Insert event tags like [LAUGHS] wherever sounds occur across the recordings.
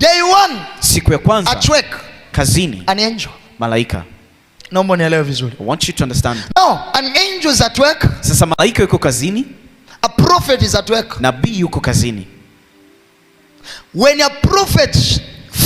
Day one, siku ya kwanza at work, kazini an angel, malaika. Naomba nielewe vizuri. I want you to understand. No, an angel is at work. Sasa malaika yuko kazini. A prophet is at work. Nabii yuko kazini. When a prophet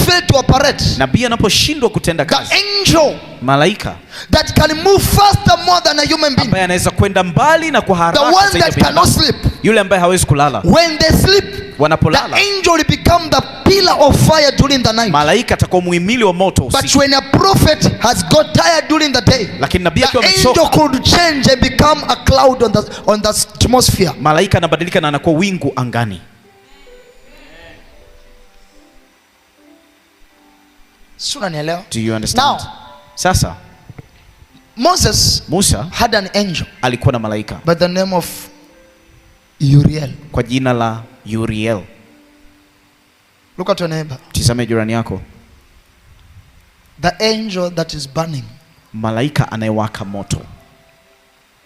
fail to operate, na pia anaposhindwa kutenda kazi, the angel malaika that can move faster more than a human being, ambaye anaweza kwenda mbali na kwa haraka the one that cannot sleep, yule ambaye hawezi kulala, when they sleep wanapolala the angel will become the pillar of fire during the night, malaika atakuwa muhimili wa moto usiku. But when a prophet has got tired during the day, lakini nabii akiwa amechoka, the angel could change and become a cloud on the on the atmosphere, malaika anabadilika na anakuwa wingu angani. Si unanielewa? Do you understand? Now, sasa Moses Musa had an angel, alikuwa na malaika by the name of Uriel, kwa jina la Uriel. Look at your neighbor. Tizame jirani yako. The angel that is burning. Malaika anayewaka moto.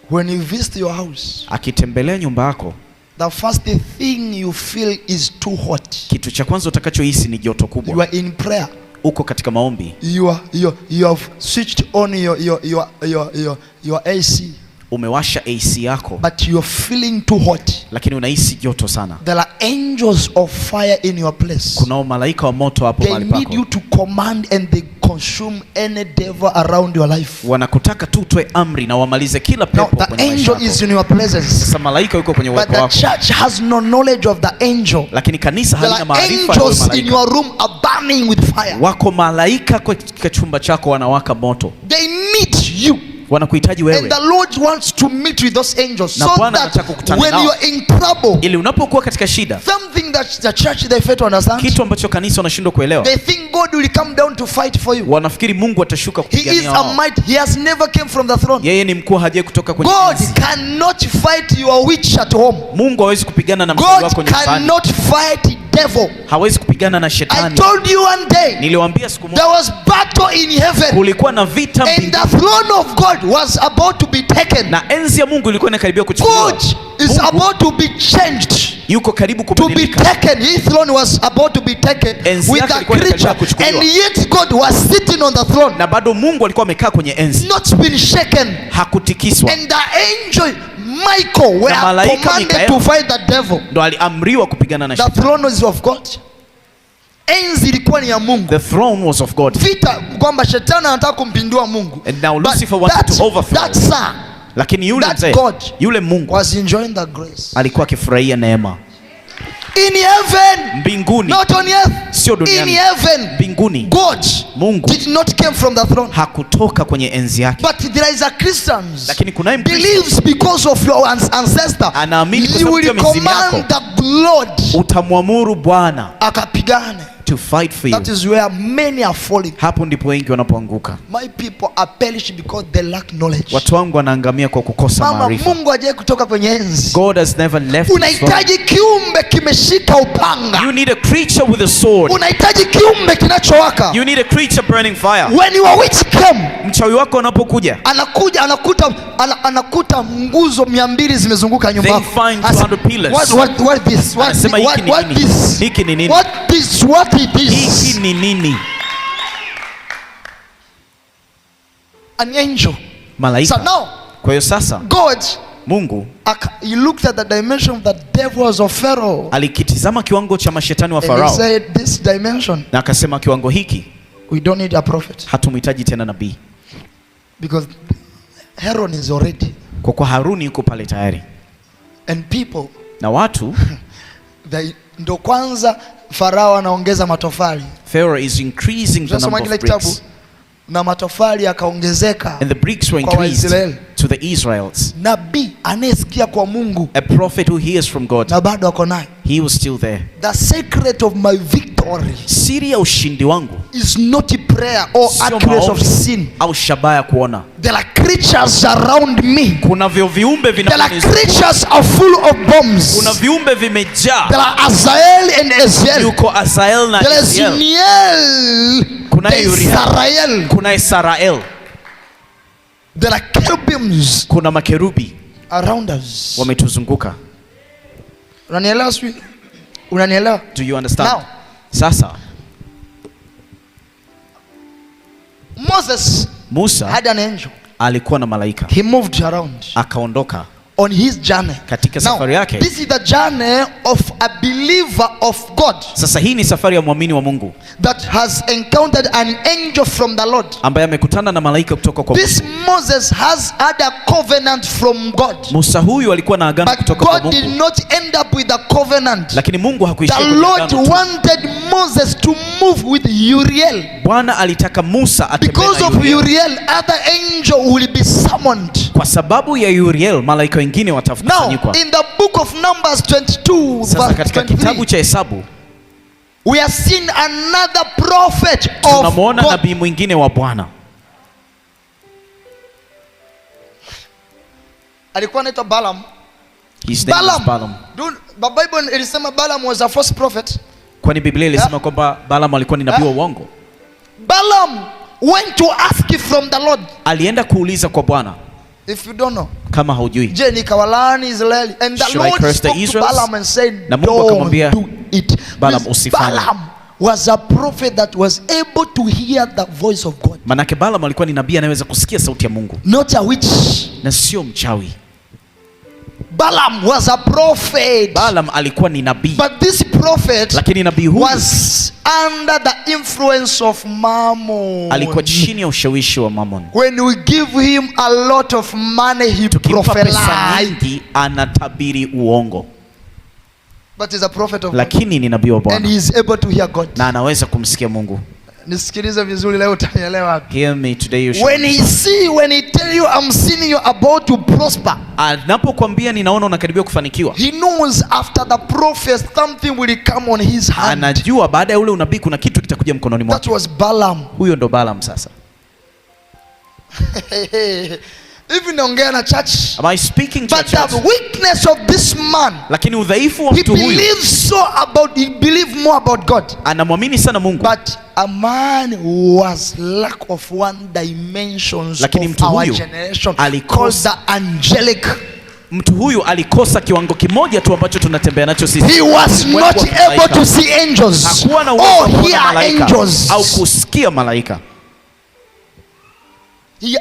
When you visit your house, akitembelea nyumba yako, the first thing you feel is too hot. Kitu cha kwanza utakachohisi ni joto kubwa. You are in prayer uko katika maombi. You are, you, you have switched on your, your, your, your, your, your AC umewasha AC yako, but you are feeling too hot, lakini unahisi joto sana. There are angels of fire in your place, kuna malaika wa moto hapo mahali pako. They need you to command and they consume any devil around your life. Wanakutaka tu utoe amri na wamalize kila pepo no, the angel is in your presence. Sasa malaika yuko kwenye uwepo wako. But the church has no knowledge of the angel. Lakini kanisa halina maarifa ya malaika. In your room are burning with fire. Wako malaika kwa chumba chako wanawaka moto. They need you wanakuhitaji wewe. And the Lord wants to meet with those angels so that when you are in trouble, ili unapokuwa katika shida, something that the church they fail to understand, kitu ambacho kanisa wanashindwa kuelewa, they think God will come down to fight for you, wanafikiri Mungu atashuka kupigania wao. He is a might, he has never came from the throne, yeye ni mkuu, hajaye kutoka kwenye God cannot fight your witch at home, Mungu hawezi kupigana na wako nyumbani. God cannot fight devil. Hawezi kupigana na shetani. I told you one day. Niliwaambia siku moja. There was battle in heaven. Kulikuwa na vita mbinguni. And the throne of God was about to be taken. Na enzi ya Mungu ilikuwa inakaribia kuchukuliwa. Is about to be changed. Yuko karibu kubadilika. To be taken. His throne was about to be taken with a creature and yet God was sitting on the throne. Na bado Mungu alikuwa amekaa kwenye enzi. Not been shaken. Hakutikiswa. And the angel Michael were malaika Mikael to fight the devil. Ndo aliamriwa kupigana na shetani. The throne is of God. Enzi ilikuwa ni ya Mungu. The throne was of God. Vita kwamba shetani anataka kumpindua Mungu. And now Lucifer wanted to overthrow. That sir. lakini yule mzee, yule Mungu was enjoying the grace. Alikuwa akifurahia neema in heaven, mbinguni, not on earth, sio duniani, in heaven, mbinguni. God Mungu did not came from the throne, hakutoka kwenye enzi yake, but there is a Christians, lakini kuna believes because of your ancestor, anaamini kwa sababu ya mizimu yako, utamwamuru Bwana akapigane to fight for you. That is where many are falling. Hapo ndipo wengi wanapoanguka. My people are perishing because they lack knowledge. Watu wangu wanaangamia kwa kukosa maarifa. Mungu kutoka kwenye enzi. God has never left. Unahitaji kiumbe kimeshika upanga. You need a creature with a sword. Unahitaji kiumbe kinachowaka. You need a creature burning fire. When are witch came, mchawi wako anapokuja, anakuja anakuta anakuta nguzo 200 zimezunguka nyumba yako. They find 200 pillars. What what, what this? What, what, what this? Hiki ni nini? What this? What hiki ni nini? An angel. Malaika. So now, kwa hiyo sasa God Mungu he looked at the dimension of the devils of Pharaoh. Alikitizama kiwango cha mashetani wa Farao. He said this dimension. Na akasema kiwango hiki we don't need a prophet. Hatumhitaji tena nabii. Because Aaron is already. Kwa kwa Haruni yuko pale tayari. And people. Na watu. [LAUGHS] They, ndo kwanza Farao anaongeza matofali. Pharaoh is increasing the number of bricks. Na matofali yakaongezeka. And the to the Israelites. Nabii anayesikia kwa Mungu. A prophet who hears from God. Na bado ako naye. He was still there. The secret of my victory victory. Siri ya ushindi wangu is not a prayer or accuracy of sin. Au shabaya kuona. There are creatures around me. Kuna vyo viumbe vina There are creatures are full of bombs. Kuna viumbe vimejaa. There are Azael and Ezel. Yuko Azael na Ezel. there Kuna Israel. Kuna Israel. There are cherubims. Kuna makerubi around us. Wametuzunguka. Unanielewa swi? Unanielewa? Do you understand? Now, sasa Moses, Musa had an angel. Alikuwa na malaika. He moved around. Akaondoka on his journey. Katika safari Now, yake. This is the journey of a believer of God. Sasa hii ni safari ya mwamini wa Mungu. That has encountered an angel from the Lord. Ambaye amekutana na malaika kutoka kwa This Moses has had a covenant from God. Musa huyu alikuwa na agano kutoka kwa Mungu. But God did not end up with a covenant. Lakini Mungu hakuishia The Lord wanted Moses to move with Uriel. Bwana alitaka Musa atembee na Uriel. Because of Uriel, other angel will be summoned kwa sababu ya Uriel malaika wengine watakusanyikwa. Now, in the book of Numbers 22, sasa katika kitabu cha Hesabu we have seen another prophet of God. Tunamwona nabii mwingine wa Bwana alikuwa anaitwa Balaam. Balaam. Balaam. Bible ilisema Balaam was a false prophet. Kwani Biblia ilisema yeah, kwamba Balaam alikuwa ni nabii wa uongo. Balaam went to ask from the Lord. Alienda kuuliza kwa Bwana. If you don't know. Kama haujui. Je, nikawalaani Israeli? And the Lord spoke to Balaam and said, na Mungu akamwambia Balaam usifanye. Was a prophet that was able to hear the voice of God. Manake Balaam alikuwa ni nabii anayeweza kusikia sauti ya Mungu. Not a witch. Na sio mchawi. Balaam was a prophet. Balaam alikuwa ni nabii. But this prophet lakini nabii huyu was under the influence of Mammon. Alikuwa chini ya ushawishi wa Mammon. When we give him a lot of money he prophesied. Anatabiri uongo. But is a prophet of Lakini ni nabii wa Bwana. And he is able to hear God. Na anaweza kumsikia Mungu. Nisikilize vizuri leo utanielewa. Hear me today you When he see when he tell you I'm seeing you about to prosper. Anapokuambia ninaona unakaribia kufanikiwa. He knows after the prophet something will come on his hand. Anajua baada ya ule unabii kuna kitu kitakuja mkononi mwake. That was Balaam. Huyo ndo Balaam sasa. [LAUGHS] Hivi naongea na church. Am I speaking to But church? the weakness of this man. Lakini udhaifu wa mtu huyu. He believes so about he believe more about God. Anamwamini sana Mungu. But a man who has lack of one dimensions Lakini of mtu our huyu generation called the angelic mtu huyu alikosa kiwango kimoja tu ambacho tunatembea nacho sisi. He was not able to see angels. Hakuwa na uwezo wa kuona malaika au kusikia malaika. he,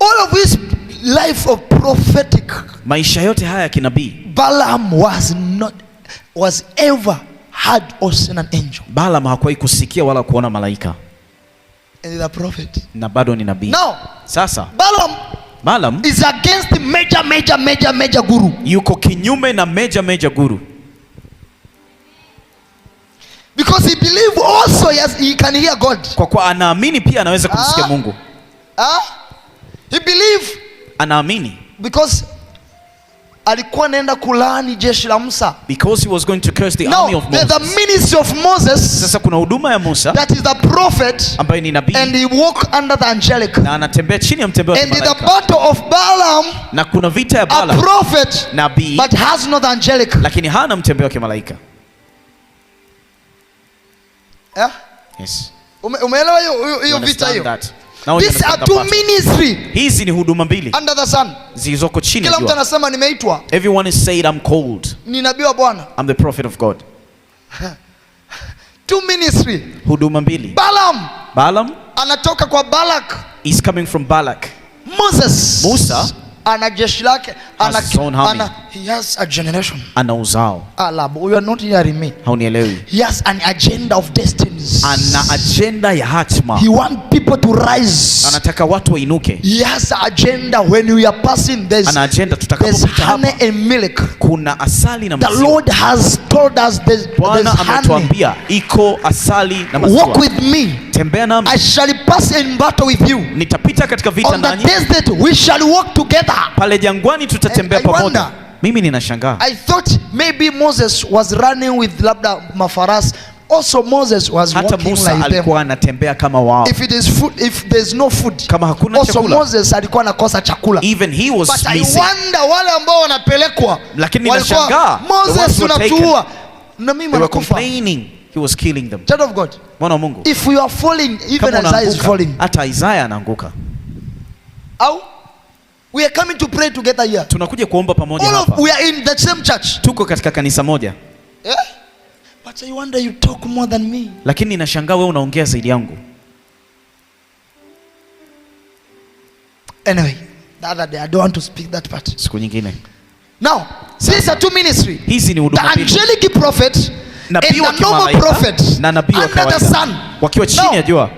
All of his life of prophetic, maisha yote haya ya kinabii, Balaam was not was ever heard or seen an angel. Balaam hakuwahi kusikia wala kuona malaika. And the prophet. Na bado ni nabii. no sasa Balaam Balaam is against major major major major guru. Yuko kinyume na major major guru. Because he believe also yes, he can hear God. Kwa kwa anaamini pia anaweza kumsikia ah, Mungu. Ah? He believe anaamini because alikuwa anaenda kulaani jeshi la Musa. Because he was going to curse the Now, army of Moses. The ministry of Moses. Sasa kuna huduma ya Musa. That is the prophet. Ambaye ni nabii. And he walk under the angelic. Na anatembea chini ya mtembeo wa malaika. And the battle of Balaam. Na kuna vita ya Balaam. A prophet. Nabii. But has not the angelic. Lakini hana mtembeo wa malaika. eh Yeah? Yes. Umeelewa hiyo hiyo vita hiyo? These are two ministry. Hizi ni huduma mbili under the sun zilizoko chini. Kila mtu anasema nimeitwa. Everyone is saying I'm called. Ni nabii wa Bwana. I'm the prophet of God. Two ministry. Huduma mbili. Balaam. Balaam anatoka kwa Balak. He's coming from Balak. Moses. Musa ana jeshi lake, ana ana yes a generation, ana uzao. Alabu, you are not hearing me, haunielewi. Yes, an agenda of destinies, ana agenda ya hatima. He want people to rise, anataka watu wainuke. Yes, agenda when you are passing this, ana agenda tutakapopita hapa, and milk, kuna asali na maziwa. The Lord has told us this, Bwana ametuambia iko asali na maziwa. Walk with me Nitatembea nami. I shall pass in battle with you. Nitapita katika vita nanyi. On the desert we shall walk together. Pale jangwani tutatembea pamoja. Mimi ninashangaa. I thought maybe Moses was running with labda mafarasi. Also Moses was hata Musa like alikuwa anatembea kama wao. If it is food, if there's no food, kama hakuna also chakula. Moses alikuwa anakosa chakula. Even he was But missing. I wonder wale ambao wanapelekwa. Lakini ninashangaa. Moses unatuua. Na mimi nakufa. He was killing them. Child of God. Mwana Mungu. If you are falling, even Isaiah is falling. Hata Isaiah anaanguka. Au we are coming to pray together here. Tunakuja kuomba pamoja hapa. All of we are in the same church. Tuko katika kanisa moja. Yeah? But I wonder you talk more than me. Lakini ninashangaa wewe unaongea zaidi yangu. Anyway, the other day I don't want to speak that part. Siku nyingine. Now, these are two ministry. Hizi ni huduma The angelic prophet na nabii wa wakiwa chini ya jua.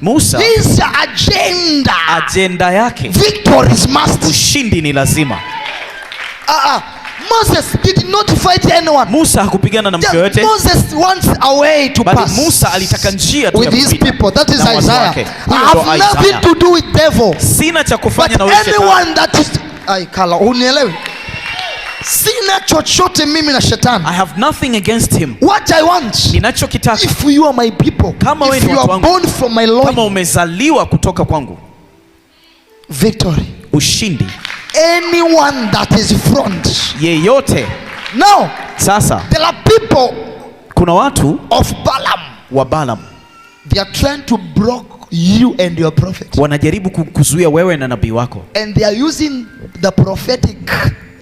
Musa, his agenda, agenda yake victory is must, ushindi ni lazima. uh -uh. Moses did not fight anyone. Musa hakupigana na mtu yote. Moses wants a way to pass. Bali Musa alitaka njia tu with his people. That is Isaiah. I have nothing to do with devil. Sina cha kufanya na wewe. Anyone that is... kala, unielewi? Sina chochote mimi na shetani. I have nothing against him. What I want. Ninachokitaka. If you are my people. Kama wewe ni watu wangu. you are born from my lord Kama umezaliwa kutoka kwangu. Victory. Ushindi. Anyone that is front. Yeyote. Now. Sasa. There are people. Kuna watu. Of Balaam. Wa Balaam. They are trying to block You and your prophet. Wanajaribu kukuzuia wewe na nabii wako. And they are using the prophetic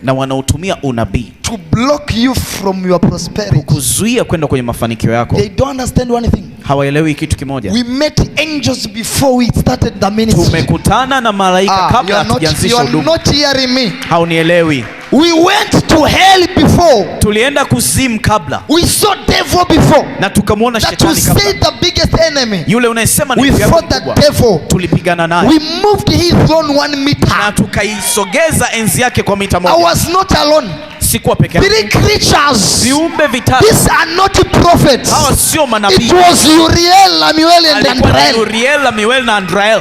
na wanaotumia unabii to block you from your prosperity, kukuzuia kwenda kwenye mafanikio yako. They don't understand one thing, hawaelewi kitu kimoja. We met angels before we started the ministry, tumekutana na malaika kabla ah, hatujaanzisha huduma. You are not hearing me, haunielewi. We went to hell before. Tulienda kuzimu kabla. We saw devil before. Na tukamwona shetani kabla. That the biggest enemy. Yule unayesema ni mkubwa. We fought the devil. Tulipigana naye. We moved his throne one meter. Na tukaisogeza enzi yake kwa mita moja. I was not alone sikuwa peke Three creatures. Viumbe vitatu. These are not prophets. Hawa sio manabii. It was Uriel, Lamuel and Andrael. Uriel, Lamuel na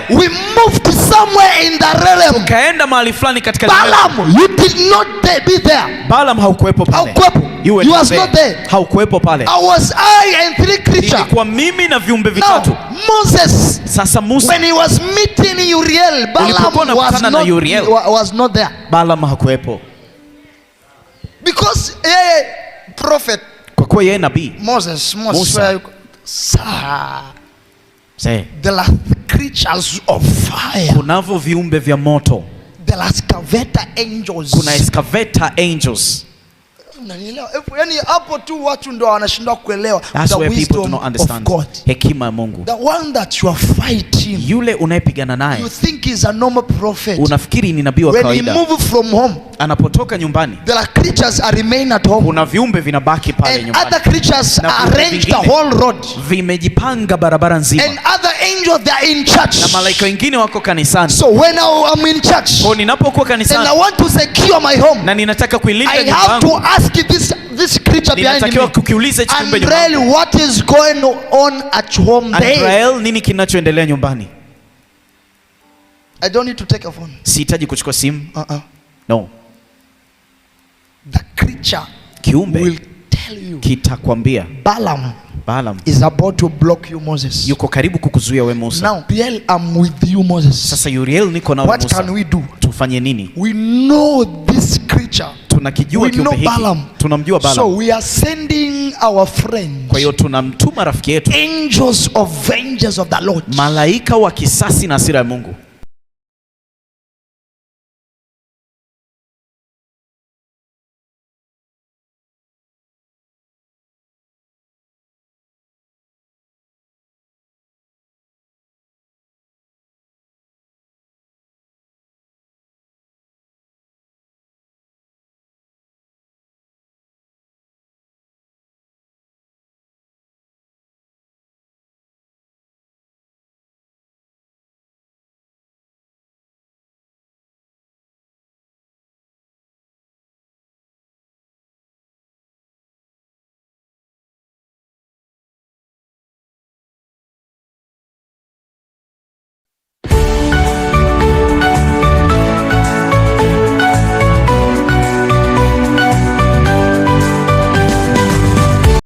We moved somewhere in the realm. Tukaenda mahali fulani katika Balaam, you did not be there. Balaam haukuwepo pale. Haukuwepo. You were not there. Haukuwepo pale. I was I and three creatures. Ilikuwa mimi na viumbe vitatu. Moses. Sasa Musa. When he was meeting Uriel, Balaam was not, was not there. Balaam hakuwepo. Because yeye prophet, kwa kuwa yeye nabii Moses, Moses the last creatures of fire, kunavyo viumbe vya moto, the last excavator angels, kuna excavator angels hapo tu watu ndo wanashindwa kuelewa Hekima ya Mungu. The one that you are fighting. Yule unayepigana naye. Unafikiri ni nabii wa kawaida. Anapotoka nyumbani. Kuna viumbe vinabaki pale nyumbani. Vimejipanga barabara nzima. And angels they are in church. Na malaika wengine wako kanisani. So when I am in church. Kwa ninapokuwa kanisani. And I want to secure my home. Na ninataka kuilinda nyumba yangu. I have to ask this this creature behind me. Kukiuliza hichi kiumbe nyumbani. Andrel, what is going on at home there? Andrel, nini kinachoendelea nyumbani? I don't need to take a phone. Sihitaji kuchukua simu. Uh -uh. No. The creature kiumbe will kitakwambia Balaam Balaam is about to block you Moses. Yuko karibu kukuzuia we Musa. Now Uriel I'm with you Moses. Sasa Uriel niko nawe Musa. What can we do? Tufanye nini? We know this creature. Tunakijua kiumbe hiki. Tunamjua Balaam. So we are sending our friends. Kwa hiyo tunamtuma rafiki yetu. Angels of vengeance of the Lord. Malaika wa kisasi na hasira ya Mungu.